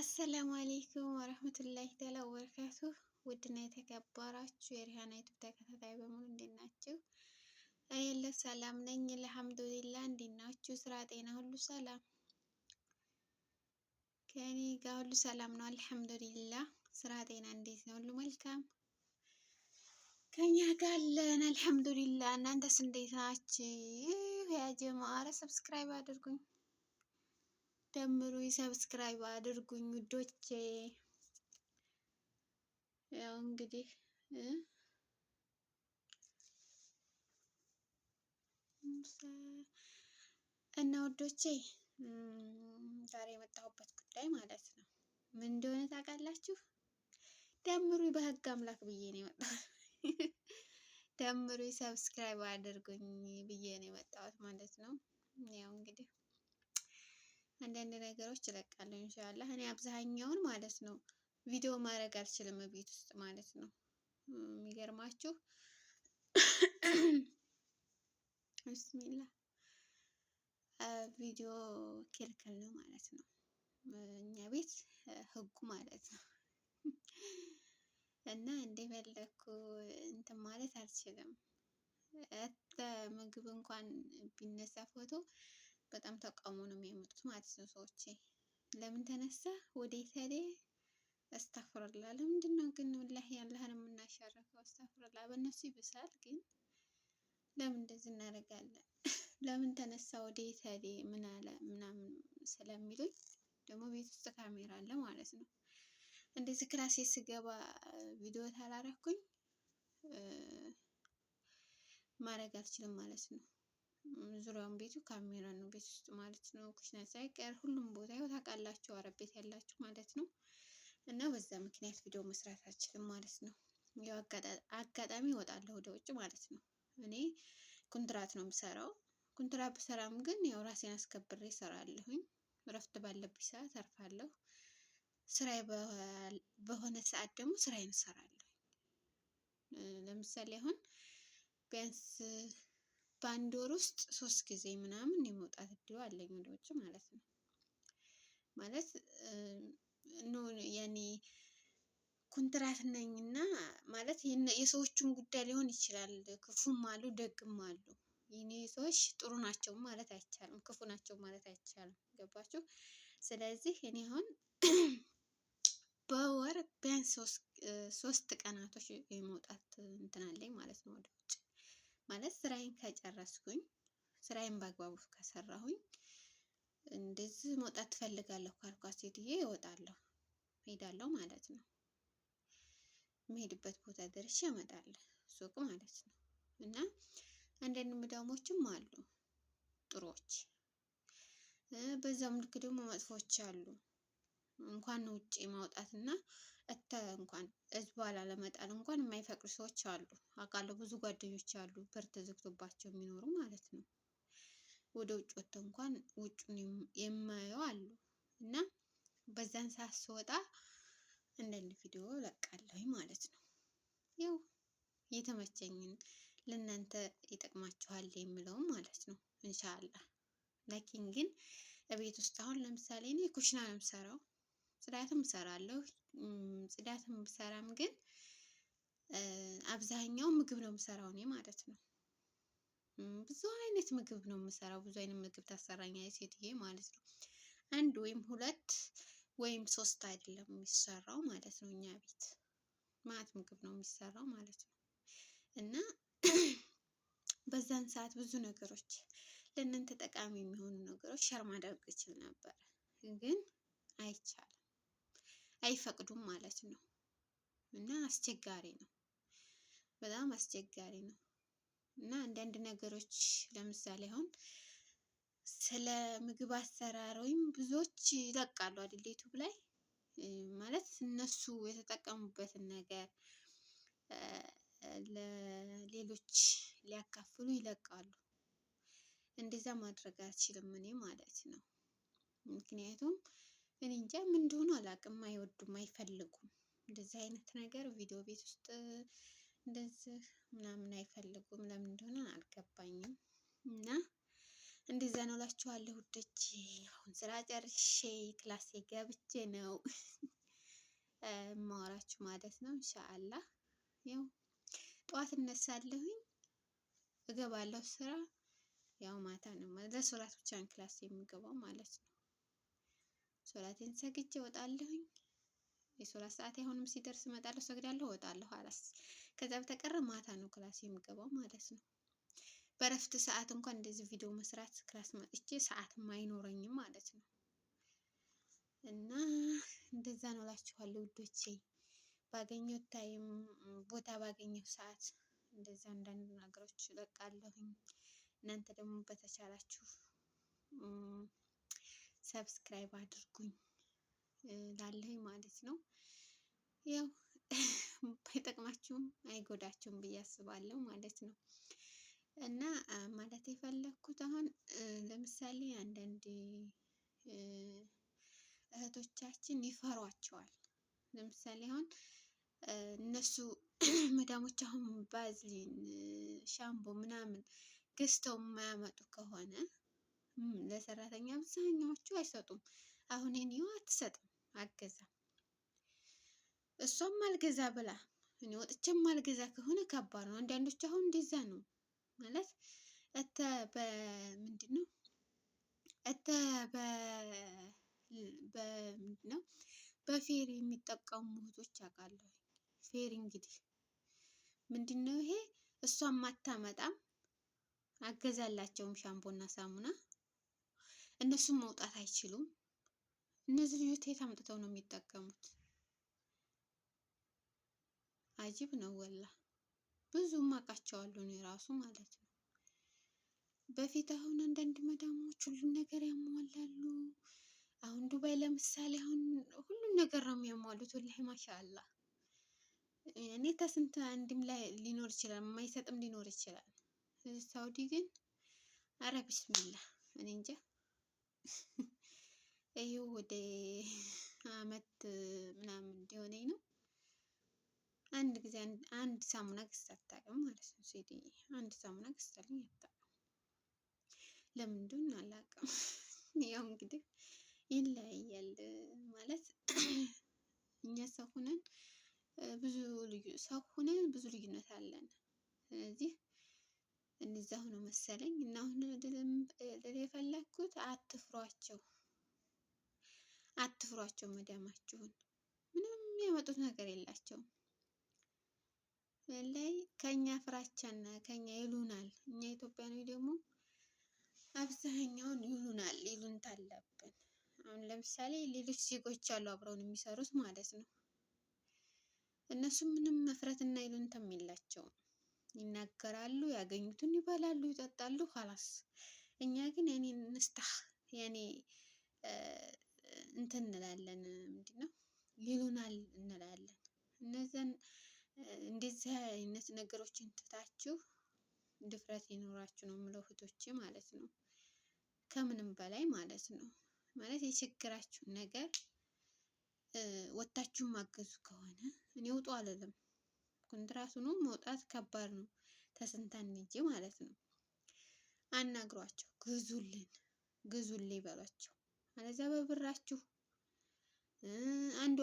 አሰላሙ አሌይኩም ወረህመቱላሂ ተዓላ ወበረካቱ። ውድና የተከበራችሁ የሪሃና ዩቱብ ተከታታይ በሙሉ እንዴት ናችሁ? የለሁ ሰላም ነኝ አልሐምዱሊላ። እንዴት ናችሁ? ስራ ጤና ሁሉ ሰላም ከኔ ጋር ሁሉ ሰላም ነው አልሐምዱሊላ። ስራ ጤና እንዴት ነው? ሁሉ መልካም ከኛ ጋር አለን አልሐምዱሊላ። እናንተስ እንዴት ናችሁ? ያ ጀማረ ሰብስክራይብ አድርጉኝ ደምሩ ሰብስክራይብ አድርጉኝ ውዶቼ። ያው እንግዲህ እና ውዶቼ ዛሬ የመጣሁበት ጉዳይ ማለት ነው ምን እንደሆነ ታውቃላችሁ? ደምሩ በህግ አምላክ ብዬ ነው የመጣሁት። ደምሩ ሰብስክራይብ አድርጉኝ ብዬ ነው የመጣሁት ማለት ነው ያው እንግዲህ አንዳንድ ነገሮች እለቃለሁ እንሻላ። እኔ አብዛኛውን ማለት ነው ቪዲዮ ማድረግ አልችልም ቤት ውስጥ ማለት ነው። የሚገርማችሁ ብስሚላ ቪዲዮ ክልክል ነው ማለት ነው እኛ ቤት ህጉ ማለት ነው። እና እንደፈለኩ እንትን ማለት አልችልም። ምግብ እንኳን ቢነሳ ፎቶ በጣም ተቃውሞ ነው የሚያመጡት ማለት ነው ሰዎች። ለምን ተነሳ ወደ ኢታሊያ አስታፍርላ። ለምንድን ነው ግን ወላሂ ያለህን የምናሸርፈው? አስታፍርላ። በእነሱ ይብሳል። ግን ለምን እንደዚህ እናደርጋለን? ለምን ተነሳ ወደ ኢታሊያ ምን አለ ምናምን ስለሚሉኝ ደግሞ ቤት ውስጥ ካሜራ አለ ማለት ነው። እንደዚህ ክላሴ ስገባ ቪዲዮ ታላረኩኝ ማድረግ አልችልም ማለት ነው። ዙሪያውን ቤቱ ካሜራ ነው፣ ቤት ውስጥ ማለት ነው። ኩሽና ሳይቀር ሁሉም ቦታ ያው ታውቃላችሁ፣ አረብ ቤት ያላችሁ ማለት ነው። እና በዛ ምክንያት ቪዲዮ መስራት አልችልም ማለት ነው። ያው አጋጣሚ እወጣለሁ ወደ ውጭ ማለት ነው። እኔ ኩንትራት ነው የምሰራው። ኩንትራት ብሰራም ግን ያው ራሴን አስከብሬ እሰራለሁኝ። እረፍት ባለብኝ ሰዓት አርፋለሁ። ስራዬ በሆነ ሰዓት ደግሞ ስራዬን እሰራለሁ። ለምሳሌ አሁን ቢያንስ በአንድ ወር ውስጥ ሶስት ጊዜ ምናምን የመውጣት እድሉ አለኝ ወደ ውጭ ማለት ነው። ማለት ኖ ያኔ ኮንትራት ነኝ እና ማለት የሰዎቹም ጉዳይ ሊሆን ይችላል። ክፉም አሉ ደግም አሉ። የኔ ሰዎች ጥሩ ናቸው ማለት አይቻልም፣ ክፉ ናቸው ማለት አይቻልም። ገባችሁ? ስለዚህ እኔ አሁን በወር ቢያንስ ሶስት ቀናቶች የመውጣት እንትን አለኝ ማለት ነው ወደ ውጭ ማለት ስራዬን ከጨረስኩኝ ስራዬን በአግባቡ ከሰራሁኝ እንደዚህ መውጣት ትፈልጋለሁ ካልኳት ሴትዬ እወጣለሁ፣ ሄዳለሁ ማለት ነው። የምሄድበት ቦታ ደርሼ እመጣለሁ፣ ሱቅ ማለት ነው። እና አንዳንድ ምዳሞችም አሉ ጥሮች፣ በዛም ልክ ደግሞ መጥፎች አሉ። እንኳን ውጪ ማውጣትና እተ እንኳን ህዝቡ ላለመጣል እንኳን የማይፈቅዱ ሰዎች አሉ። አውቃለሁ ብዙ ጓደኞች አሉ በር ተዘግቶባቸው የሚኖሩ ማለት ነው። ወደ ውጭ ወጥተው እንኳን ውጩን የማየው አሉ እና በዛን ሰዓት ስወጣ አንዳንድ ቪዲዮ ለቃለሁ ማለት ነው። ያው የተመቸኝን ለእናንተ ይጠቅማችኋል የምለውም ማለት ነው። እንሻላ ላኪን ግን እቤት ውስጥ አሁን ለምሳሌ እኔ ኩሽና ነው የምሰራው ጽዳትም እሰራለሁ። ጽዳትም ብሰራም ግን አብዛኛው ምግብ ነው የምሰራው እኔ ማለት ነው። ብዙ አይነት ምግብ ነው የምሰራው። ብዙ አይነት ምግብ ታሰራኛለች ሴትዬ ማለት ነው። አንድ ወይም ሁለት ወይም ሶስት አይደለም የሚሰራው ማለት ነው። እኛ ቤት ማለት ምግብ ነው የሚሰራው ማለት ነው። እና በዛን ሰዓት ብዙ ነገሮች ለእናንተ ጠቃሚ የሚሆኑ ነገሮች ሸር ማድረግ እችል ነበር፣ ግን አይቻልም። አይፈቅዱም ማለት ነው። እና አስቸጋሪ ነው፣ በጣም አስቸጋሪ ነው። እና አንዳንድ ነገሮች ለምሳሌ አሁን ስለ ምግብ አሰራር ወይም ብዙዎች ይለቃሉ አይደል ዩቱብ ላይ ማለት እነሱ የተጠቀሙበትን ነገር ለሌሎች ሊያካፍሉ ይለቃሉ። እንደዛ ማድረግ አልችልም እኔ ማለት ነው። ምክንያቱም እኔ እንጃ ምን እንደሆኑ አላውቅም። አይወዱም፣ አይፈልጉም እንደዚህ አይነት ነገር ቪዲዮ ቤት ውስጥ እንደዚህ ምናምን አይፈልጉም። ለምን እንደሆነ አልገባኝም። እና እንደዛ ነው እላችኋለሁ ውዶቼ። አሁን ስራ ጨርሼ ክላሴ ገብቼ ነው ማወራችሁ ማለት ነው። እንሻአላ ያው ጠዋት እነሳለሁኝ እገባለሁ ስራ። ያው ማታ ነው ለሶላት ብቻ ክላስ የሚገባው ማለት ነው። ሶላቴን ሰግጄ እወጣለሁኝ። የሶላት ሰዓት አሁንም ሲደርስ እመጣለሁ፣ ሰግዳለሁ፣ እወጣለሁ። አላስ ከዛ በተቀረ ማታ ነው ክላስ የሚገባው ማለት ነው። በረፍት ሰዓት እንኳን እንደዚህ ቪዲዮ መስራት ክላስ መጥቼ ሰዓት አይኖረኝም ማለት ነው። እና እንደዛ ነው እላችኋለሁ ውዶቼ። ባገኘው ታይም ቦታ ባገኘው ሰዓት እንደዛ አንዳንድ ነገሮች እለቃለሁኝ። እናንተ ደግሞ በተቻላችሁ ሰብስክራይብ አድርጉኝ ላለኝ ማለት ነው። ያው አይጠቅማችሁም አይጎዳችሁም ብዬ አስባለሁ ማለት ነው። እና ማለት የፈለግኩት አሁን ለምሳሌ አንዳንድ እህቶቻችን ይፈሯቸዋል። ለምሳሌ አሁን እነሱ መዳሞች አሁን ባዝሊን ሻምቦ ምናምን ገዝተው የማያመጡ ከሆነ ለሰራተኛ አብዛኛዎቹ አይሰጡም። አሁን እኔው አትሰጥም አልገዛም። እሷም አልገዛ ብላ እኔ ወጥቼም አልገዛ ከሆነ ከባድ ነው። አንዳንዶች አሁን እንደዛ ነው ማለት እተ በምንድን ነው እተ በምንድን ነው በፌር የሚጠቀሙ እህቶች አውቃለሁ። ፌር እንግዲህ ምንድን ነው ይሄ እሷም አታመጣም አገዛላቸውም ሻምፖና ሳሙና እነሱም መውጣት አይችሉም። እነዚህ ልጆች የት አምጥተው ነው የሚጠቀሙት? አጅብ ነው ወላ ብዙም አውቃቸዋለሁ እኔ ራሱ ማለት ነው። በፊት አሁን አንዳንድ መዳሞች ሁሉን ነገር ያሟላሉ። አሁን ዱባይ ለምሳሌ አሁን ሁሉን ነገር ነው የሚያሟሉት። ወላሂ ማሻአላ እኔ ከስንት አንድም ላይ ሊኖር ይችላል፣ የማይሰጥም ሊኖር ይችላል። ሳውዲ ግን አረ ቢስሚላ እኔ እንጃ። ይህ ወደ አመት ምናምን እንዲሆነኝ ነው። አንድ ጊዜ አንድ ሳሙና ገዝታ አታውቅም ማለት ነው። ሴትዬ አንድ ሳሙና ገዝታልኝ አታውቅም። ለምን እንደሆነ አላውቅም። ያው እንግዲህ ይለያያል ማለት እኛ ሰው ሆነን ብዙ ልዩ ሰው ሆነን ብዙ ልዩነት አለን። ስለዚህ እንዛሁ ነው መሰለኝ። እና አሁን ልል የፈለግኩት አትፍሯቸው፣ አትፍሯቸው መዳማችሁን። ምንም የሚያመጡት ነገር የላቸውም። ላይ ከኛ ፍራቻና ከኛ ይሉናል። እኛ ኢትዮጵያኖች ደግሞ አብዛኛውን ይሉናል፣ ይሉንታ አለብን። አሁን ለምሳሌ ሌሎች ዜጎች አሉ አብረውን የሚሰሩት ማለት ነው። እነሱ ምንም መፍረትና ይሉንታም የላቸውም። ይናገራሉ፣ ያገኙትን ይበላሉ፣ ይጠጣሉ። ኋላስ እኛ ግን ያኔ እንስታህ ያኔ እንትን እንላለን ምንድን ነው ይሉናል እንላለን። እነዚን እንደዚህ አይነት ነገሮችን ትታችሁ ድፍረት ይኖራችሁ ነው የምለው እህቶቼ ማለት ነው። ከምንም በላይ ማለት ነው ማለት የችግራችሁን ነገር ወታችሁን ማገዙ ከሆነ እኔ ውጡ አልልም። ሰኮንድ ራሱኑ መውጣት ከባድ ነው። ተስንተን እንጂ ማለት ነው። አናግሯቸው፣ ግዙልን ግዙልኝ በሏቸው አለዚያ በብራችሁ አንዷ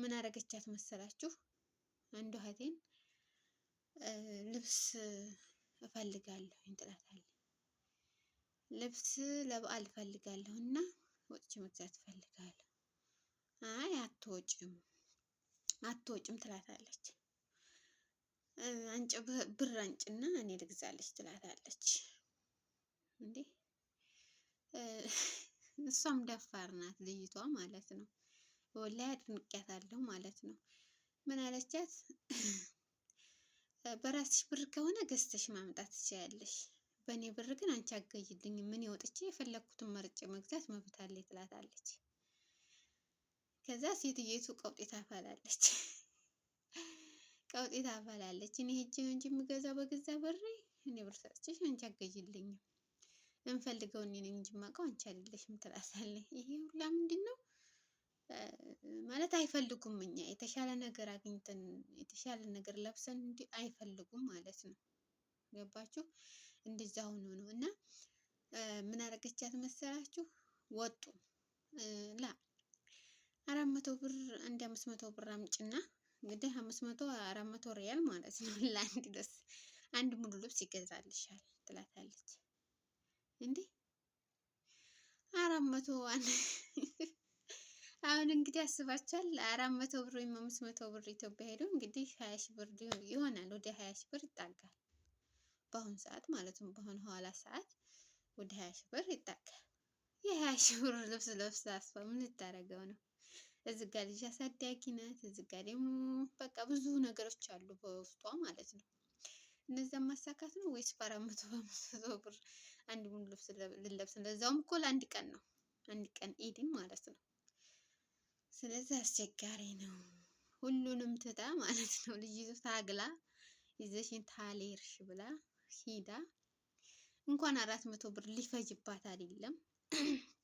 ምን አረገቻት መሰላችሁ? አንዷ እህቴን ልብስ እፈልጋለሁ ትላታለች። ልብስ ለበዓል እፈልጋለሁ እና ወጥቼ መግዛት እፈልጋለሁ። አይ አትወጭም አትወጭም ትላታለች። አንጭ ብር አንጭና እኔ ልግዛለች ትላታለች። እንዴ እሷም ደፋር ናት ልይቷ ማለት ነው። ወላሂ አድንቄያታለሁ ማለት ነው። ምን አለቻት? በራስሽ ብር ከሆነ ገዝተሽ ማምጣት ትችያለሽ። በእኔ ብር ግን አንቺ አገይልኝ ምን ወጥቼ የፈለግኩትን መርጬ መግዛት መብት ትላታለች። ከዛ ሴትየቱ ቀውጤ ታፈላለች። ቀውጢ ታፈላለች። እኔ ሄጄ ነው እንጂ የምገዛው በገዛ በሬ። እኔ ብር ሰጥቼሽ አንቺ አገዥልኝም የምፈልገው እኔ ነኝ እንጂ የማውቀው አንቺ አይደለሽም ትላታለች። ይሄ ሁላ ምንድን ነው ማለት አይፈልጉም። እኛ የተሻለ ነገር አግኝተን የተሻለ ነገር ለብሰን እንጂ አይፈልጉም ማለት ነው። ገባችሁ? እንደዛ ሆኖ ነው እና ምን አረገቻት መሰላችሁ? ወጡ ላ አራት መቶ ብር እንደ አምስት መቶ ብር አምጭና እንግዲህ አምስት መቶ አራት መቶ ሪያል ማለት ነው ለአንድ ልብስ አንድ ሙሉ ልብስ ይገዛልሻል ትላታለች። እንዴ አራት መቶ አንድ አሁን እንግዲህ አስባቻል አራት መቶ ብር ወይም አምስት መቶ ብር ኢትዮጵያ ሄዶ እንግዲህ ሀያ ሺ ብር ይሆናል ወደ ሀያ ሺ ብር ይጣጋል። በአሁኑ ሰዓት ማለት ነው በአሁኑ ኋላ ሰዓት ወደ ሀያ ሺ ብር ይጣጋል። የሀያ ሺ ብር ልብስ ለብሳ ምን ልታደርገው ነው? እዚህ ጋር ልጅ አሳዳጊ ናት፣ እዚህ ጋር ደግሞ በቃ ብዙ ነገሮች አሉ በውስጧ ማለት ነው። እነዚያን ማሳካት ነው ወይስ በአራት መቶ በአምስት መቶ ብር አንድ ሙሉ ልብስ ልለብስ? ለዛውም እኮ ለአንድ ቀን ነው፣ አንድ ቀን ኢድን ማለት ነው። ስለዚህ አስቸጋሪ ነው። ሁሉንም ትታ ማለት ነው ልጅ ልጅቱ ታግላ ይዘሽን ታሌርሽ ብላ ሂዳ እንኳን አራት መቶ ብር ሊፈጅባት አይደለም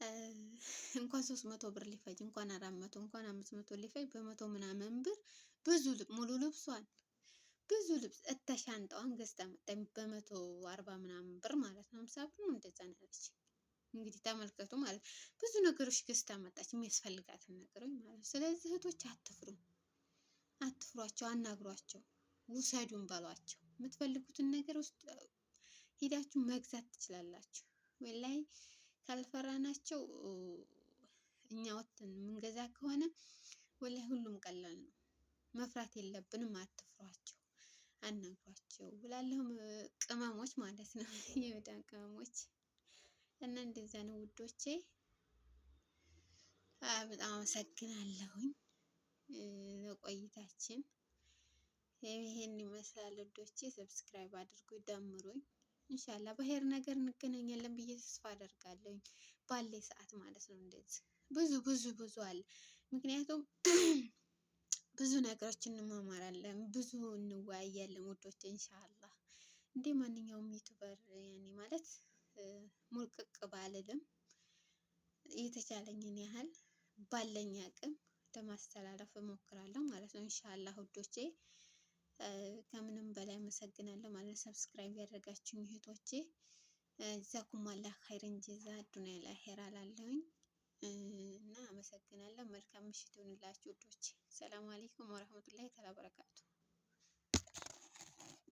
እንኳን ሶስት መቶ ብር ሊፈጅ እንኳን አራት መቶ እንኳን አምስት መቶ ሊፈጅ በመቶ ምናምን ብር ብዙ ሙሉ ልብሷን ብዙ ልብስ እተሻንጣዋን ገዝታ መጣኝ በመቶ አርባ ምናምን ብር ማለት ነው። አምሳ ብር እንደዛ ነው እንግዲህ ተመልከቱ ማለት ብዙ ነገሮች ገዝታ መጣች፣ የሚያስፈልጋትን ነገሮች ማለት ነው። ስለዚህ እህቶች አትፍሩ፣ አትፍሯቸው፣ አናግሯቸው፣ ውሰዱን በሏቸው። የምትፈልጉትን ነገር ውስጥ ሄዳችሁ መግዛት ትችላላችሁ። ላይ ካልፈራናቸው እኛ ወጥተን የምንገዛ ከሆነ ወላሂ ሁሉም ቀላል ነው። መፍራት የለብንም። አትፍሯቸው፣ አናግሯቸው ብላለሁም ቅመሞች ማለት ነው የመዳም ቅመሞች እና እንደዛ ነው ውዶቼ። በጣም አመሰግናለሁኝ ለቆይታችን። ይህን ይመስላል ውዶቼ። ሰብስክራይብ አድርጉ፣ ደምሩኝ። እንሻላ በሄር ነገር እንገናኛለን ብዬ ተስፋ አደርጋለኝ ባለ ሰዓት ማለት ነው። እንደዚህ ብዙ ብዙ ብዙ አለ። ምክንያቱም ብዙ ነገሮች እንማማራለን፣ ብዙ እንወያያለን ውዶች እንሻላ። እንደ ማንኛውም ዩቱበር ያኔ ማለት ሙልቅቅ ባልልም የተቻለኝን ያህል ባለኝ አቅም ለማስተላለፍ እሞክራለሁ ማለት ነው። እንሻላ ውዶቼ ከምንም በላይ አመሰግናለሁ ማለት ነው። ሰብስክራይብ ያደረጋችሁ እህቶቼ ጀዛኩም አላህ ኸይርን ጀዛ ዱንያ ላይ ኸይር አላለሁኝ እና አመሰግናለሁ። መልካም ምሽት ይሁንላችሁ ውዶች። ሰላም አለይኩም ወረህመቱላሂ ተዓላ